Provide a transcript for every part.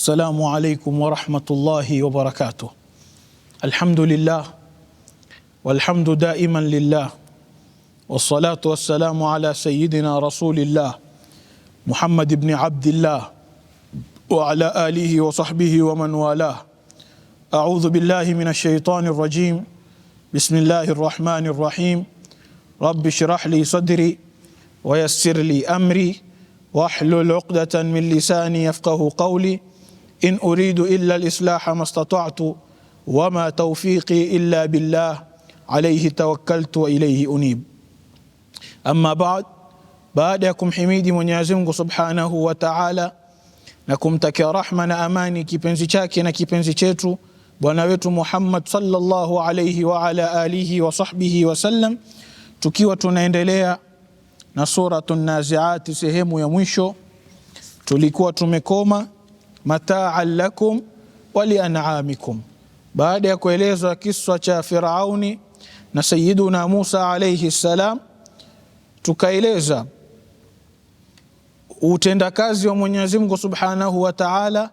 السلام عليكم ورحمة الله وبركاته الحمد لله والحمد دائما لله والصلاة والسلام على سيدنا رسول الله محمد بن عبد الله وعلى آله وصحبه ومن والاه أعوذ بالله من الشيطان الرجيم بسم الله الرحمن الرحيم رب اشرح لي صدري ويسر لي أمري واحلل عقدة من لساني يفقه قولي in uridu illa lislaha mastata'tu wama taufiqi illa billah alayhi tawakkaltu wa ilayhi unib. Amma ba'd, baada ya kumhimidi Mwenyezi Mungu subhanahu wa ta'ala na kumtakia rahma na amani kipenzi chake na kipenzi chetu bwana wetu Muhammad sallallahu alayhi wa ala alihi wa sahbihi wa sallam, tukiwa tunaendelea na Naziati sehemu ya mwisho, tulikuwa tumekoma mataan lakum wa lianamikum. Baada ya kuelezwa kiswa cha Firauni na sayiduna Musa alaihi ssalam tukaeleza utendakazi wa Mwenyezi Mungu Subhanahu wa Ta'ala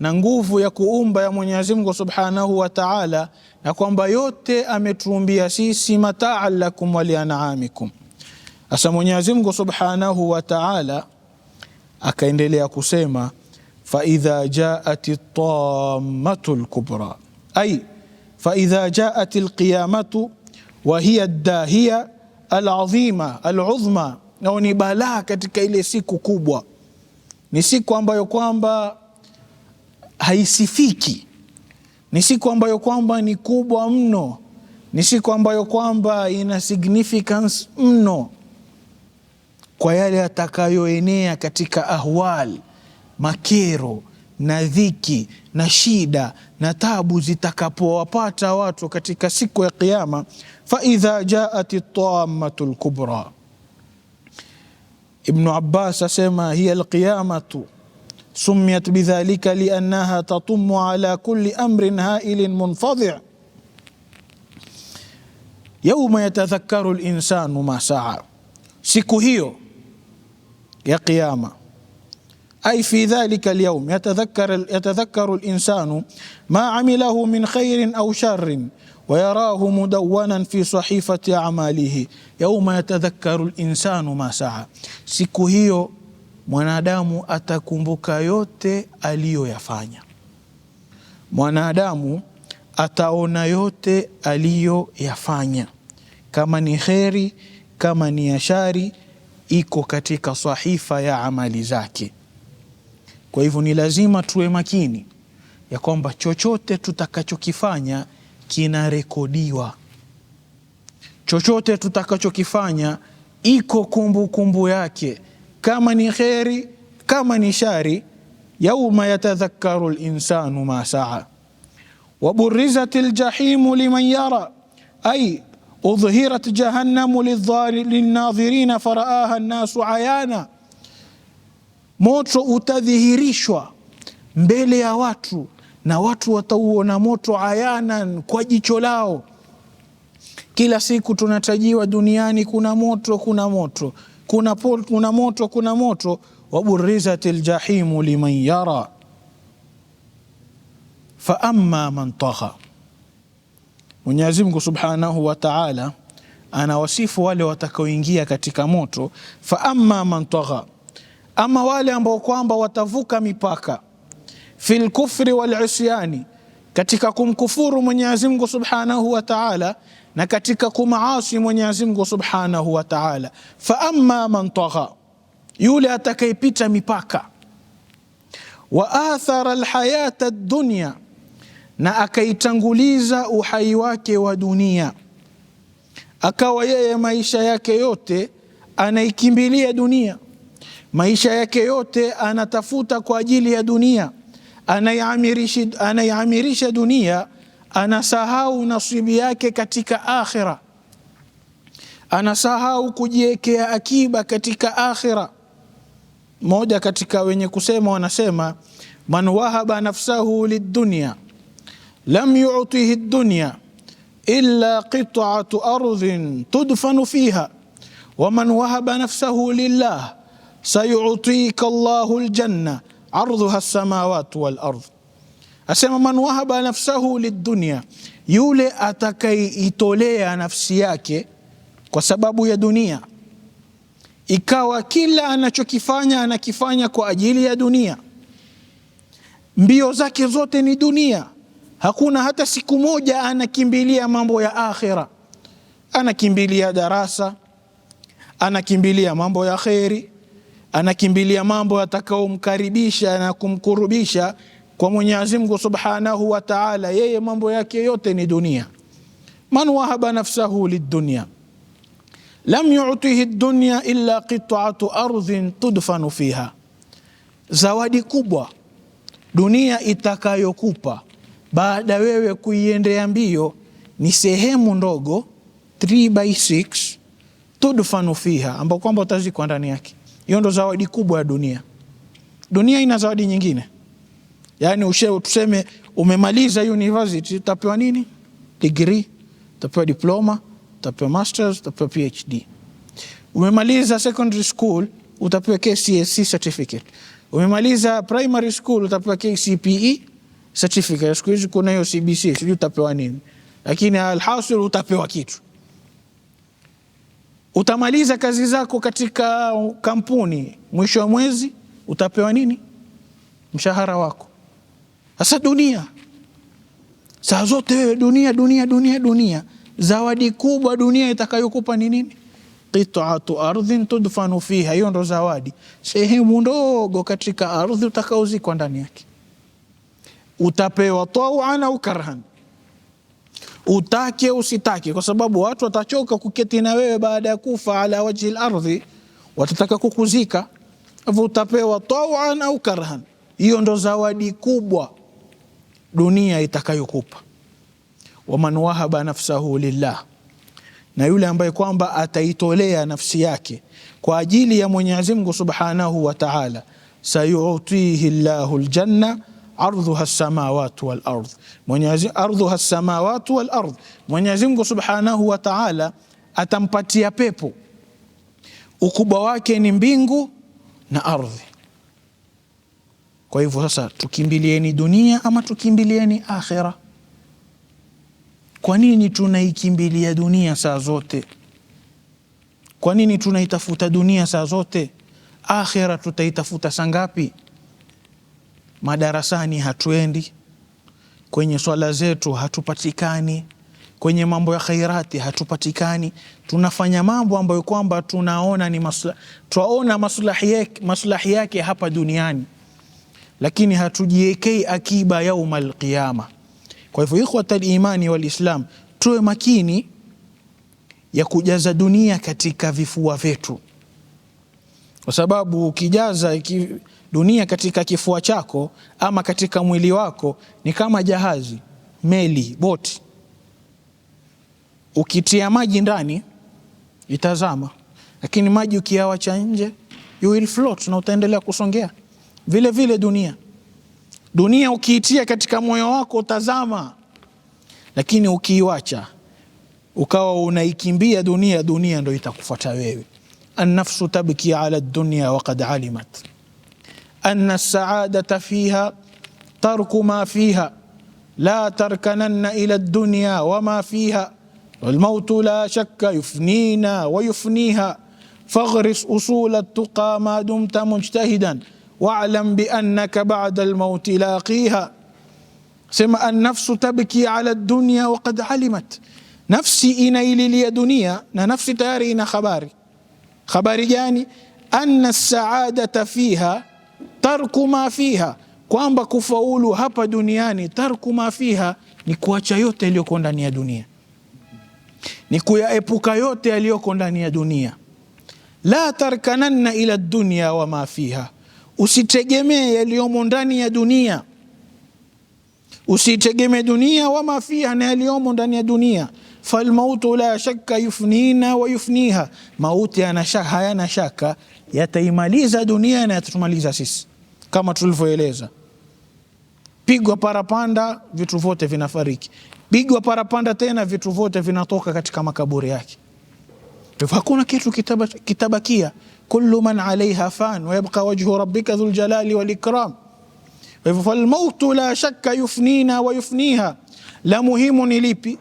na nguvu ya kuumba ya Mwenyezi Mungu Subhanahu wa Ta'ala, na kwamba yote ametuumbia sisi mataan lakum wa lianamikum. Sasa Mwenyezi Mungu Subhanahu wa Ta'ala akaendelea kusema faidha jaat tammatu lkubra ay faidha jaat alqiyamatu wa hiya alazima aludhma, nao ni balaa katika ile siku kubwa. Ni siku ambayo kwamba haisifiki, ni siku ambayo kwamba ni kubwa mno, ni siku ambayo kwamba ina significance mno kwa yale yatakayoenea katika ahwal makero na dhiki na shida na tabu zitakapowapata watu katika siku ya Kiyama, fa idha jaat tammatu lkubra. Ibnu Abbas asema hiya lqiyamatu sumiyat bidhalika liannaha tatumu ala kulli amrin hailin munfadhi yauma yatadhakaru linsanu ma saa, siku hiyo ya Kiyama ai fi dhalika alyaum yatadhakkaru linsanu ma amilahu min khairin au sharrin wayarahu mudawanan fi sahifati amalihi yauma yatadhakkaru linsanu ma saa, siku hiyo mwanadamu atakumbuka yote aliyoyafanya. Mwanadamu ataona yote aliyoyafanya, kama ni kheri, kama ni yashari, iko katika sahifa ya amali zake. Kwa hivyo ni lazima tuwe makini ya kwamba chochote tutakachokifanya kinarekodiwa, chochote tutakachokifanya iko kumbukumbu kumbu yake, kama ni kheri, kama ni shari. Yauma yatadhakkaru linsanu ma saa waburizat ljahimu liman yara ai udhhirat jahannamu lilnadhirina faraaha nnasu ayana moto utadhihirishwa mbele ya watu na watu watauona moto ayanan, kwa jicho lao. Kila siku tunatajiwa duniani, kuna moto, kuna moto, kuna, pol, kuna moto, kuna moto. waburizat ljahimu liman yara faama man tagha. Mwenyezi Mungu subhanahu wa taala anawasifu wale watakaoingia katika moto, faama man tagha ama wale ambao kwamba watavuka mipaka fil kufri wal katika kumkufuru Mwenyezi Mungu Subhanahu wa Ta'ala, na katika kumaasi Mwenyezi Mungu Subhanahu wa Ta'ala. Fa amma man tagha, yule atakayepita mipaka, wa athara lhayata ad-dunya, na akaitanguliza uhai wake wa dunia, akawa yeye maisha yake yote anaikimbilia dunia maisha yake yote anatafuta kwa ajili ya dunia, anaiamirisha dunia, anasahau nasibu yake katika akhira, anasahau kujiwekea akiba katika akhira. Moja katika wenye kusema wanasema, man wahaba nafsahu lidunya lam yutihi dunya illa qit'atu ardhin tudfanu fiha wa man wahaba nafsahu lillah sayutika llahu ljanna ardhuha lsamawati walardh, asema man wahaba nafsahu lidunya, yule atakayeitolea nafsi yake kwa sababu ya dunia, ikawa kila anachokifanya anakifanya kwa ajili ya dunia, mbio zake zote ni dunia, hakuna hata siku moja anakimbilia mambo ya akhira, anakimbilia darasa, anakimbilia mambo ya kheri anakimbilia mambo yatakaomkaribisha na kumkurubisha kwa Mwenyezi Mungu Subhanahu wa Ta'ala. Yeye mambo yake yote ni dunia. Man wahaba nafsahu lidunya lam yu'tihi ad dunya illa qit'atu ardhin tudfanu fiha, zawadi kubwa dunia itakayokupa baada wewe kuiendea mbio ni sehemu ndogo 3 by 6 tudfanu fiha, ambao kwamba utazikwa ndani yake. Hiyo ndo zawadi kubwa ya dunia. Dunia ina zawadi nyingine, yaani ushe, tuseme umemaliza university, utapewa nini? Degree, utapewa diploma, utapewa masters, utapewa PhD. Umemaliza secondary school, utapewa KCSE certificate. Umemaliza primary school, utapewa KCPE certificate. Siku hizi kuna hiyo CBC, sijui utapewa nini, lakini alhasil utapewa kitu Utamaliza kazi zako katika kampuni, mwisho wa mwezi utapewa nini? Mshahara wako. Sasa dunia, saa zote wewe dunia, dunia, dunia, dunia. Zawadi kubwa dunia itakayokupa ni nini? Qitatu ardhin tudfanu fiha, hiyo ndo zawadi, sehemu ndogo katika ardhi utakaozikwa ndani yake, utapewa tauan au karhan utake usitake, kwa sababu watu watachoka kuketi na wewe baada ya kufa, ala wajhi lardhi, watataka kukuzika, hivyo utapewa tawan au karhan. Hiyo ndo zawadi kubwa dunia itakayokupa. Waman wahaba nafsahu lillah, na yule ambaye kwamba ataitolea nafsi yake kwa ajili ya Mwenyezi Mungu subhanahu wa taala, sayutihi llahu ljanna ardhuha samawati wal ardh, Mwenyezi ardhuha samawati wal ardh. Mwenyezi Mungu Subhanahu wa Ta'ala atampatia pepo ukubwa wake ni mbingu na ardhi. Kwa hivyo sasa, tukimbilieni dunia ama tukimbilieni akhira? Kwa nini tunaikimbilia dunia saa zote? Kwa nini tunaitafuta dunia saa zote? Akhira tutaitafuta saa ngapi? madarasani hatuendi, kwenye swala zetu hatupatikani, kwenye mambo ya khairati hatupatikani. Tunafanya mambo ambayo kwamba tunaona ni masla, twaona maslahi yake, maslahi yake hapa duniani, lakini hatujiwekei akiba yauma alqiama. Kwa hivyo, ikhwatal imani walislam, tuwe makini ya kujaza dunia katika vifua vyetu, kwa sababu ukijaza Dunia katika kifua chako ama katika mwili wako ni kama jahazi, meli, boti. Ukitia maji ndani itazama, lakini maji ukiawacha nje you will float, na utaendelea kusongea. Vile vile dunia, dunia ukiitia katika moyo wako utazama, lakini ukiiwacha ukawa unaikimbia dunia, dunia ndo itakufuata wewe. Annafsu tabki ala dunia wa alimat أن السعادة فيها ترك ما فيها لا تركنن إلى الدنيا وما فيها والموت لا شك يفنينا ويفنيها فاغرس أصول التقى ما دمت مجتهدا واعلم بأنك بعد الموت لاقيها سمع النفس تبكي على الدنيا وقد علمت نفسي إني لي دنيا نفسي تاري ina خباري خباري يعني أن السعادة فيها tarku ma fiha, kwamba kufaulu hapa duniani, tarku ma fiha ni kuacha yote yaliyoko ndani ya dunia, ni kuyaepuka yote yaliyoko ndani ya dunia. La tarkananna ila dunya wa ma fiha, usitegemee yaliyomo ndani ya dunia, usitegemee dunia wa ma fiha, na yaliyomo ndani ya dunia falmautu la shakka yufnina wa yufniha, mauti hayana shaka yataimaliza dunia na yatatumaliza sisi, kama tulivyoeleza. Pigwa parapanda, vitu vyote vinafariki. Pigwa parapanda tena, vitu vyote vinatoka katika makaburi yake. Hakuna kitu kitabakia. Kullu man alaiha fan wa yabqa wajhu rabbika dhul jalali wal ikram. Falmautu la shakka yufnina wa yufniha, la muhimu ni lipi?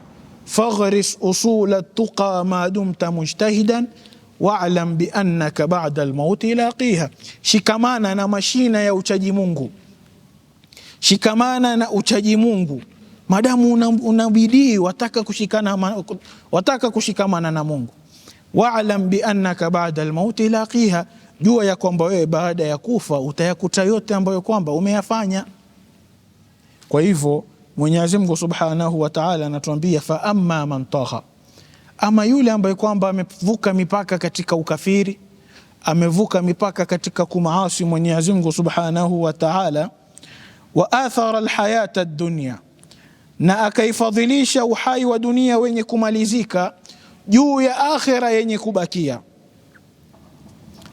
faghris usul tuqa ma dumta mujtahidan walam biannaka bada lmauti laqiha, shikamana na mashina ya uchaji Mungu, shikamana na uchaji Mungu madamu unabidii una wataka, wataka kushikamana na Mungu. Walam biannaka bada lmauti laqiha, jua ya kwamba wewe baada ya kufa utayakuta yote ambayo kwamba umeyafanya. Kwa hivyo Mwenyezi Mungu Subhanahu wa Ta'ala anatuambia fa amma man tagha, ama yule ambaye kwamba amevuka mipaka katika ukafiri, amevuka mipaka katika kumaasi Mwenyezi Mungu Subhanahu wa Ta'ala, wa athara alhayata ad-dunya, na akaifadhilisha uhai wa dunia wenye kumalizika juu ya akhira yenye kubakia,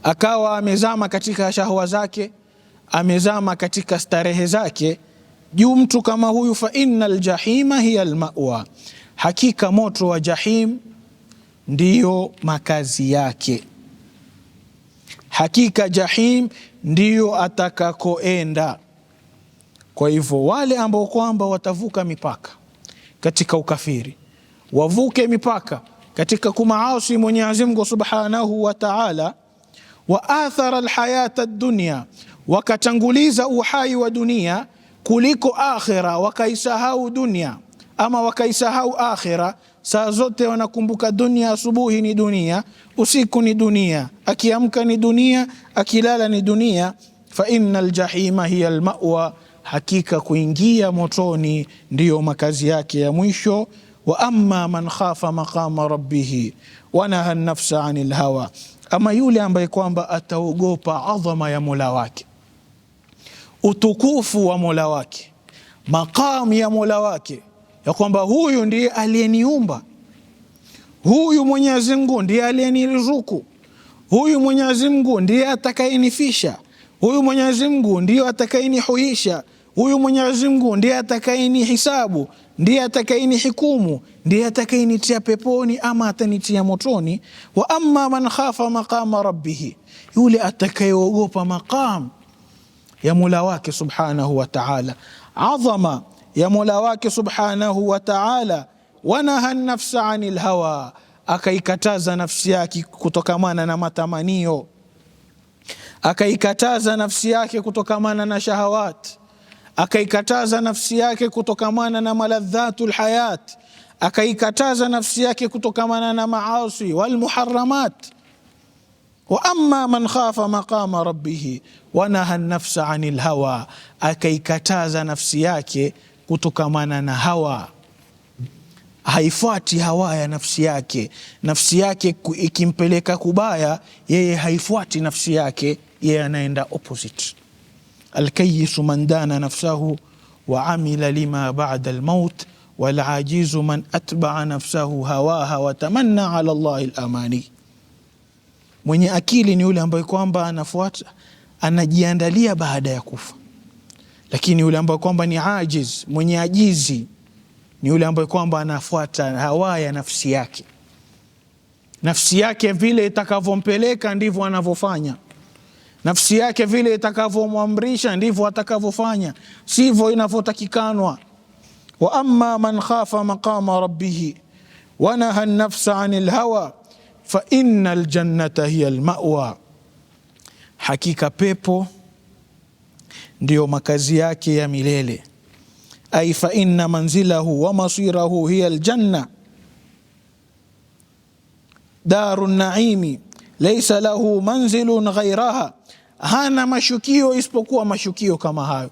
akawa amezama katika shahwa zake, amezama katika starehe zake juu mtu kama huyu, fa inna aljahima hiya almawa, hakika moto wa jahim ndiyo makazi yake, hakika jahim ndiyo atakakoenda. Kwa hivyo wale ambao kwamba watavuka mipaka katika ukafiri, wavuke mipaka katika kumaasi Mwenyezi Mungu subhanahu wa taala, wa athara alhayata dunya, wakatanguliza uhai wa dunia kuliko akhira, wakaisahau dunia ama wakaisahau akhira. Saa zote wanakumbuka dunia. Asubuhi ni dunia, usiku ni dunia, akiamka ni dunia, akilala ni dunia. Fa inna ljahima hiya lmawa, hakika kuingia motoni ndiyo makazi yake ya mwisho. Wa amma man khafa maqama rabbihi wanaha nafsa ani lhawa, ama yule ambaye kwamba ataogopa adhama ya mola wake utukufu wa Mola wake, maqam ya Mola wake, ya kwamba huyu ndiye aliyeniumba, huyu Mwenyezi Mungu ndiye aliyeniruzuku, huyu Mwenyezi Mungu ndiye atakayenifisha, huyu Mwenyezi Mungu ndiye atakayenihuisha, huyu Mwenyezi Mungu ndiye atakayenihisabu, ndiye atakayenihukumu, ndiye atakayenitia peponi ama atanitia motoni. Wa amma man khafa maqama rabbihi, yule atakayeogopa maqamu ya Mola wake subhanahu wa taala, adhama ya Mola wake subhanahu wa taala. Wanaha nafsa anil hawa, akaikataza nafsi yake kutokamana na matamanio, akaikataza nafsi yake kutokamana na shahawat, akaikataza nafsi yake kutokamana na maladhatu lhayat, akaikataza nafsi yake kutokamana na maasi walmuharamat wa amma man khafa maqama rabbihi wa naha nafsa anil hawa, akaikataza nafsi yake kutokamana na hawa, haifuati hawa ya nafsi yake. Nafsi yake ikimpeleka kubaya, yeye haifuati nafsi yake, yeye anaenda opposite. Alkayisu man dana nafsahu wa amila lima ba'da almaut walajizu man atbaa nafsahu hawaha watamanna ala llahi lamani Mwenye akili ni yule ambaye kwamba anafuata, anajiandalia baada ya kufa. Lakini yule ambaye kwamba ni ajiz, mwenye ajizi ni yule ambaye kwamba anafuata hawa ya nafsi yake. Nafsi yake vile itakavyompeleka ndivyo anavyofanya, nafsi yake vile itakavyomwamrisha ndivyo atakavyofanya, sivyo inavyotakikanwa. Wa amma man khafa maqama rabbihi wa nafsa anil hawa fa inna ljannata hiya lmawa, hakika pepo ndiyo makazi yake ya milele. Ai fa inna manzilahu wa masirahu hiya ljanna daru naimi laisa lahu manzilun ghairaha, hana mashukio isipokuwa mashukio kama hayo.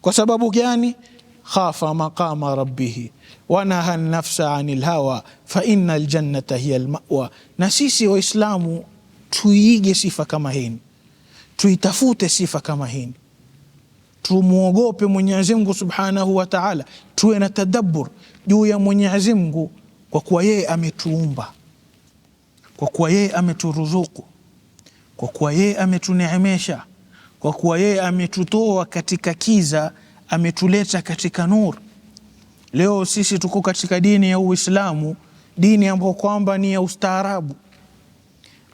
Kwa sababu gani? Khafa maqama rabbihi wanaha nafsa ani lhawa fa inna ljannata hiya lmawa. Na sisi Waislamu tuiige sifa kama hini, tuitafute sifa kama hini, tumwogope Mwenyezi Mungu subhanahu wa taala, tuwe na tadabur juu ya Mwenyezi Mungu kwa kuwa yeye ametuumba, kwa kuwa yeye ameturuzuku, kwa kuwa yeye ametuneemesha, kwa kuwa yeye ametutoa katika kiza ametuleta katika nur Leo sisi tuko katika dini ya Uislamu, dini ambayo kwamba ni ya ustaarabu,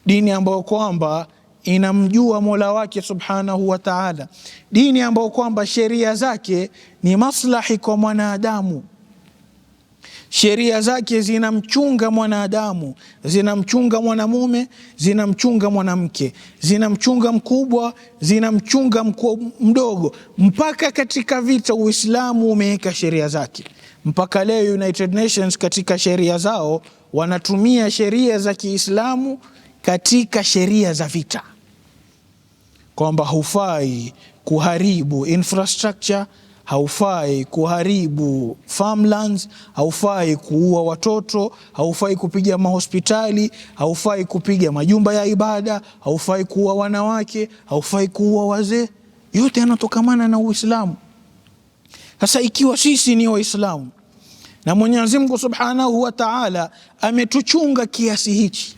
dini ambayo kwamba inamjua Mola wake subhanahu wa taala, dini ambayo kwamba sheria zake ni maslahi kwa mwanadamu, sheria zake zinamchunga mwanadamu, zinamchunga mwanamume, zinamchunga mwanamke, zinamchunga mkubwa, zinamchunga mdogo, mpaka katika vita Uislamu umeweka sheria zake. Mpaka leo United Nations katika sheria zao wanatumia sheria za Kiislamu katika sheria za vita, kwamba hufai kuharibu infrastructure, haufai kuharibu farmlands, haufai kuua watoto, haufai kupiga mahospitali, haufai kupiga majumba ya ibada, haufai kuua wanawake, haufai kuua wazee. Yote yanatokamana na Uislamu. Sasa ikiwa sisi ni Waislamu na Mwenyezi Mungu Subhanahu wa Ta'ala ametuchunga kiasi hichi,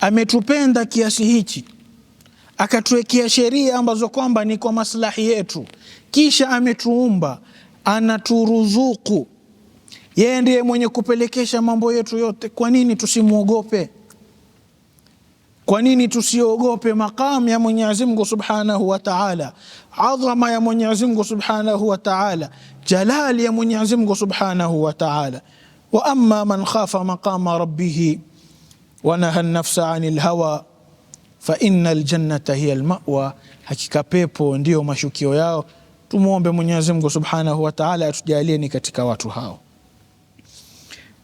ametupenda kiasi hichi, akatuwekea sheria ambazo kwamba ni kwa maslahi yetu, kisha ametuumba, anaturuzuku. Yeye ndiye mwenye kupelekesha mambo yetu yote. Kwa nini tusimwogope? Kwa nini tusiogope maqam ya Mwenyezi Mungu Subhanahu wa Ta'ala, adhama ya Mwenyezi Mungu Subhanahu wa Ta'ala, jalali ya Mwenyezi Mungu Subhanahu wa Ta'ala. Wa amma man khafa maqama rabbihi wa naha nafsa anil hawa fa innal jannata hiya almawa, hakika pepo ndiyo mashukio yao. Tumwombe Mwenyezi Mungu Subhanahu wa Ta'ala atujalie ni katika watu hao.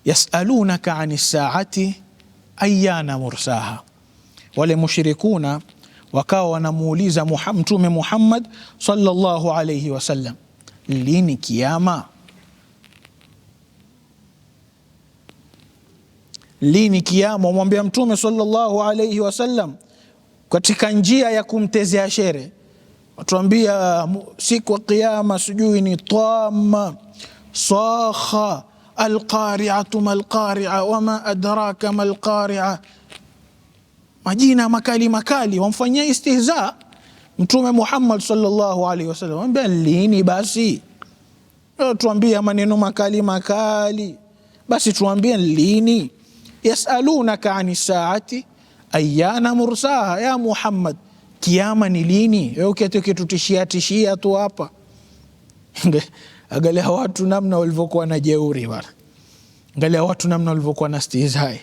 Yasalunaka anis saati ayyana mursaha wale mushrikuna wakawa wanamuuliza Mtume Muhammad sallallahu alayhi wasallam, lini kiama? Lini kiama? Wamwambia Mtume sallallahu alayhi wasallam katika njia ya kumtezea shere, watuambia siku ya kiama sijui ni tama sakha alqariatu malqaria wama adraka malqaria majina makali makali, wamfanyia istihza Mtume Muhammad sallallahu alaihi wasallam. Ambia lini basi tuambia maneno makali makali, basi tuambie lini. Yasalunaka ani saati ayana mursaha, ya Muhammad, kiama ni lini? Wewe ukitutishia tishia tu hapa angalia watu namna walivyokuwa na jeuri bana, angalia watu namna walivyokuwa na stihzai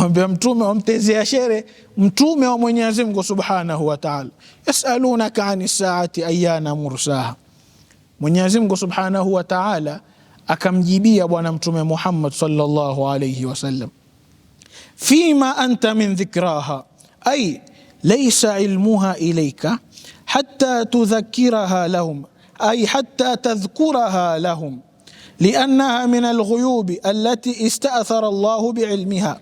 Wambia mtume wamtezea shere mtume wa Mwenyezi Mungu subhanahu wa taala, yasalunaka ani saati ayana mursaha. Mwenyezi Mungu subhanahu wa taala akamjibia Bwana Mtume Muhammad sallallahu alayhi wasallam, fima anta min dhikraha ay laysa ilmuha ilayka hatta tudhakkiraha lahum ay hatta tadhkuraha lahum liannaha min alghuyubi allati ista'thara Allahu biilmiha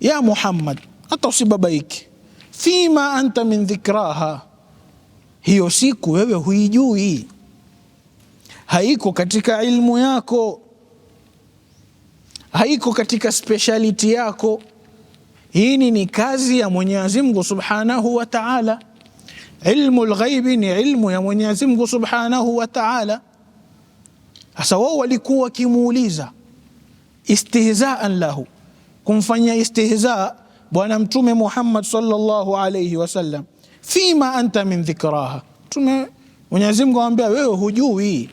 ya Muhammad, hata usibabaike. Fima anta min dhikraha, hiyo siku wewe huijui, haiko katika ilmu yako, haiko katika speciality yako. Hii ni kazi ya Mwenyezi Mungu Subhanahu wa Ta'ala. Ilmu lghaibi ni ilmu ya Mwenyezi Mungu Subhanahu wa Ta'ala. Sasa wao walikuwa wakimuuliza istihzaan lahu kumfanyia istihza Bwana Mtume Muhammad sallallahu alayhi wasallam, fima anta min dhikraha. Mtume Mwenyezi Mungu amwambia wewe, hujui,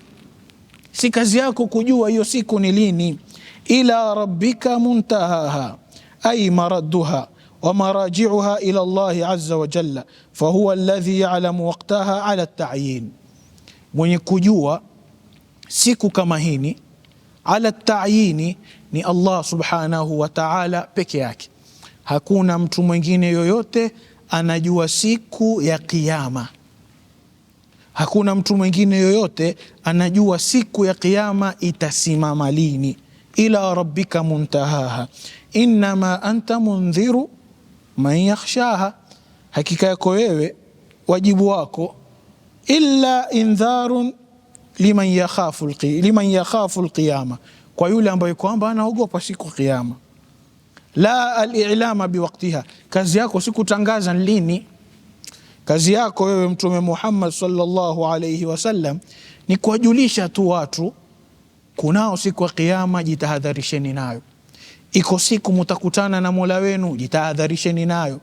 si kazi yako kujua hiyo siku ni lini. Ila rabbika muntahaha ay maradduha wa maraji'uha ila Allah azza wa jalla fa huwa alladhi ya'lamu waqtaha ala at-ta'yin, mwenye kujua siku kama hini ala at-ta'yini ni Allah subhanahu wa ta'ala peke yake. Hakuna mtu mwingine yoyote anajua siku ya Kiyama. Hakuna mtu mwingine yoyote anajua siku ya Kiyama itasimama lini, ila rabbika muntahaha, innama anta mundhiru man yakhshaha, hakika yako wewe wajibu wako illa indharun liman yakhafu alqiyama kwa yule ambaye kwamba anaogopa siku Kiyama. La alilama biwaktiha, kazi yako si kutangaza lini. Kazi yako wewe Mtume Muhammad sallallahu alayhi wasallam ni kuwajulisha tu watu kunao siku ya Kiyama, jitahadharisheni nayo. Iko siku mutakutana na mola wenu, jitahadharisheni nayo.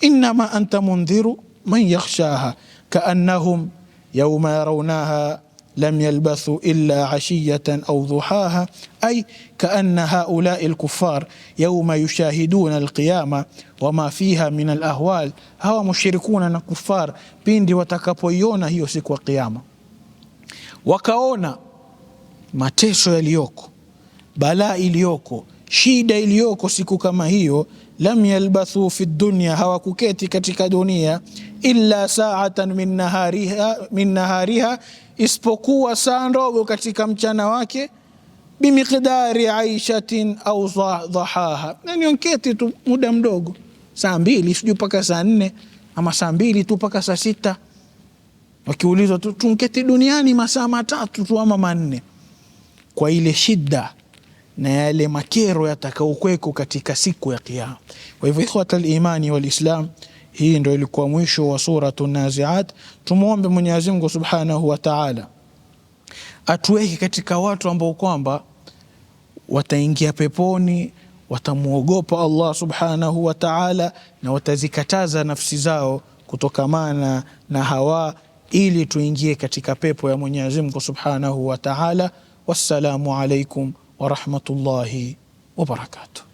Innama anta mundhiru man yakhshaha kaannahum yauma yarawnaha lam yalbathu illa ashiyatan au duhaha ay kaanna haulai lkufar yauma yushahiduna alqiyama wama fiha min alahwal, hawa mushrikuna na kufar pindi watakapoiona hiyo siku ya Kiyama, wakaona mateso yaliyoko, balaa iliyoko, shida iliyoko siku kama hiyo lam yalbathu fi dunya, hawakuketi katika dunia illa saatan min nahariha, min nahariha isipokuwa saa ndogo katika mchana wake, bimiqdari aishatin au dhahaha, nanionketi tu muda mdogo, saa mbili sijui mpaka saa nne ama saa mbili tu mpaka saa sita wakiulizwa tu tunketi duniani masaa matatu tu ama manne, kwa ile shida na yale makero yatakaokweko katika siku ya Kiyama. Kwa hivyo ikhwata limani walislam hii ndio ilikuwa mwisho wa suratu Naziat. Tumwombe Mwenyezi Mungu subhanahu wa taala atuweke katika watu ambao kwamba wataingia peponi, watamwogopa Allah subhanahu wa taala, na watazikataza nafsi zao kutokamana na hawa, ili tuingie katika pepo ya Mwenyezi Mungu subhanahu wa taala. Wassalamu alaikum warahmatullahi wabarakatuh.